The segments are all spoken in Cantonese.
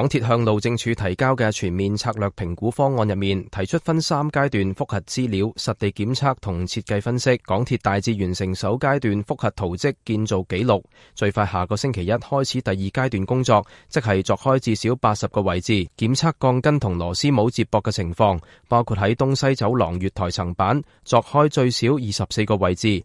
港鐵向路政署提交嘅全面策略評估方案入面提出分三階段覆核資料、實地檢測同設計分析。港鐵大致完成首階段覆核圖則建造記錄，最快下個星期一開始第二階段工作，即係鑿開至少八十個位置檢測鋼筋同螺絲帽接駁嘅情況，包括喺東西走廊月台層板鑿開最少二十四個位置。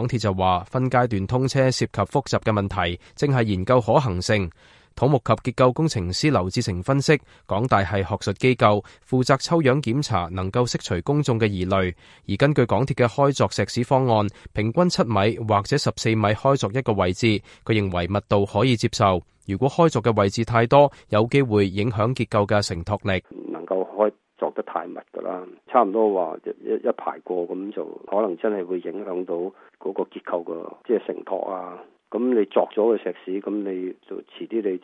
港鐵就話，分階段通車涉及複雜嘅問題，正係研究可行性。土木及結構工程師劉志成分析，港大係學術機構，負責抽樣檢查，能夠釋除公眾嘅疑慮。而根據港鐵嘅開鑿石屎方案，平均七米或者十四米開鑿一個位置，佢認為密度可以接受。如果開鑿嘅位置太多，有機會影響結構嘅承托力，能夠開。作得太密㗎啦，差唔多話一一排過，咁就，可能真係會影響到嗰個結構嘅，即係承托啊。咁你作咗個石屎，咁你就遲啲你。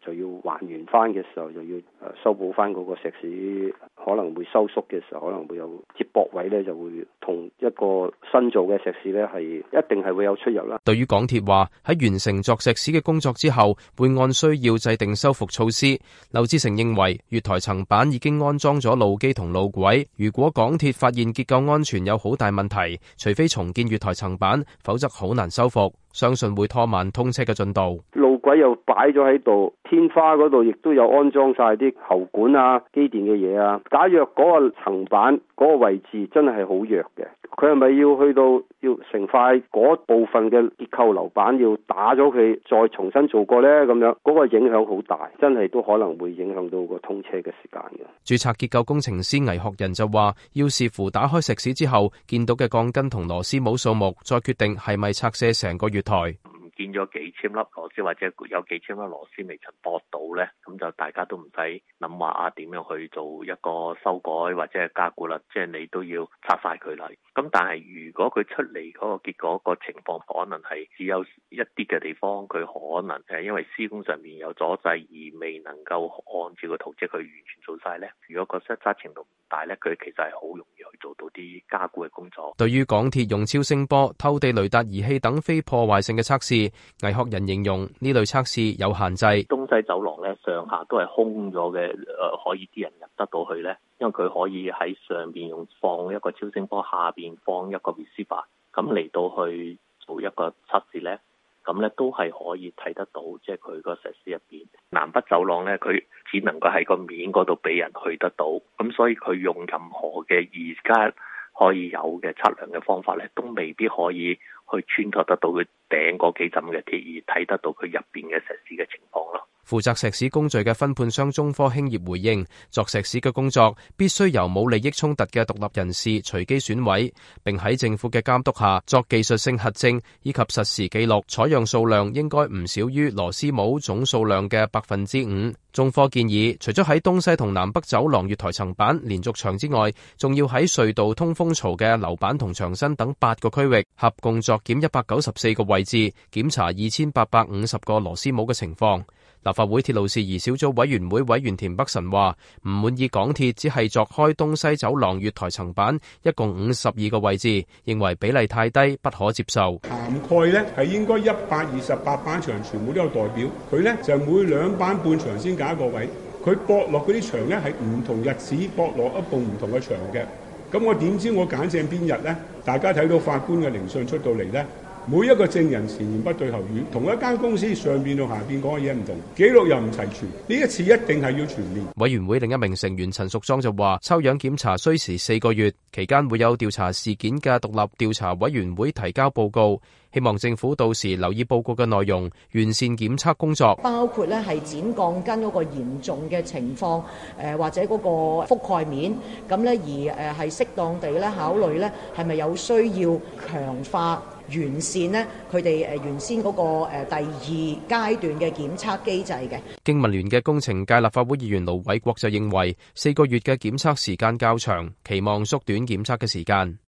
誒就要還原翻嘅時候，就要誒修補翻嗰個石屎，可能會收縮嘅時候，可能會有接駁位呢，就會同一個新造嘅石屎呢，係一定係會有出入啦。對於港鐵話喺完成做石屎嘅工作之後，會按需要制定修復措施。劉志成認為月台層板已經安裝咗路基同路軌，如果港鐵發現結構安全有好大問題，除非重建月台層板，否則好難修復，相信會拖慢通車嘅進度。位又擺咗喺度，天花嗰度亦都有安裝晒啲喉管啊、機電嘅嘢啊。假若嗰個層板嗰個位置真係好弱嘅，佢係咪要去到要成塊嗰部分嘅結構樓板要打咗佢，再重新做過呢？咁樣嗰個影響好大，真係都可能會影響到個通車嘅時間嘅。註冊結構工程師倪學仁就話：要視乎打開石屎之後見到嘅鋼筋同螺絲帽數目，再決定係咪拆卸成個月台。 見咗幾千粒螺絲，或者有幾千粒螺絲未曾駁到呢，咁就大家都唔使諗話啊點樣去做一個修改或者係加固啦，即係你都要拆晒佢嚟。咁但係如果佢出嚟嗰個結果、個情況可能係只有一啲嘅地方，佢可能係因為施工上面有阻滯而未能夠按照個圖則去完全做晒呢。如果個質差程度唔大呢，佢其實係好容易。做到啲加固嘅工作。對於港鐵用超聲波、透地雷達儀器等非破壞性嘅測試，魏學仁形容呢類測試有限制。東西走廊咧，上下都係空咗嘅，誒、呃、可以啲人入得到去咧，因為佢可以喺上邊用放一個超聲波，下邊放一個 receiver，咁嚟到去做一個測試咧。咁咧都係可以睇得到，即係佢個石屎入邊南北走廊咧，佢只能夠喺個面嗰度俾人去得到，咁所以佢用任何嘅而家可以有嘅測量嘅方法咧，都未必可以去穿透得到佢頂嗰幾浸嘅鐵，而睇得到佢入邊嘅石屎嘅情況咯。負責石屎工序嘅分判商中科興業回應：作石屎嘅工作必須由冇利益衝突嘅獨立人士隨機選位，並喺政府嘅監督下作技術性核證，以及實時記錄採樣數量,應該量，應該唔少於螺絲帽總數量嘅百分之五。中科建議，除咗喺東西同南北走廊月台層板連續牆之外，仲要喺隧道通風槽嘅樓板同牆身等八個區域合共作檢一百九十四個位置，檢查二千八百五十個螺絲帽嘅情況。立法會鐵路事宜小組委員會委員田北辰話：唔滿意港鐵只係鑿開東西走廊月台層板，一共五十二個位置，認為比例太低，不可接受。涵蓋呢係應該一百二十八班牆全部都有代表，佢呢就每兩班半牆先揀一個位，佢駁落嗰啲牆呢係唔同日子駁落一部唔同嘅牆嘅，咁我點知我揀正邊日呢？大家睇到法官嘅聆訊出到嚟呢。每一個證人前言不對後語，同一間公司上邊同下邊講嘅嘢唔同，記錄又唔齊全。呢一次一定係要全面。委員會另一名成員陳淑莊就話：抽樣檢查需時四個月，期間會有調查事件嘅獨立調查委員會提交報告，希望政府到時留意報告嘅內容，完善檢測工作，包括咧係剪鋼筋嗰個嚴重嘅情況，誒或者嗰個覆蓋面，咁咧而誒係適當地咧考慮咧係咪有需要強化。完善咧佢哋誒原先嗰個誒第二階段嘅檢測機制嘅。經民聯嘅工程界立法會議員盧偉國就認為，四個月嘅檢測時間較長，期望縮短檢測嘅時間。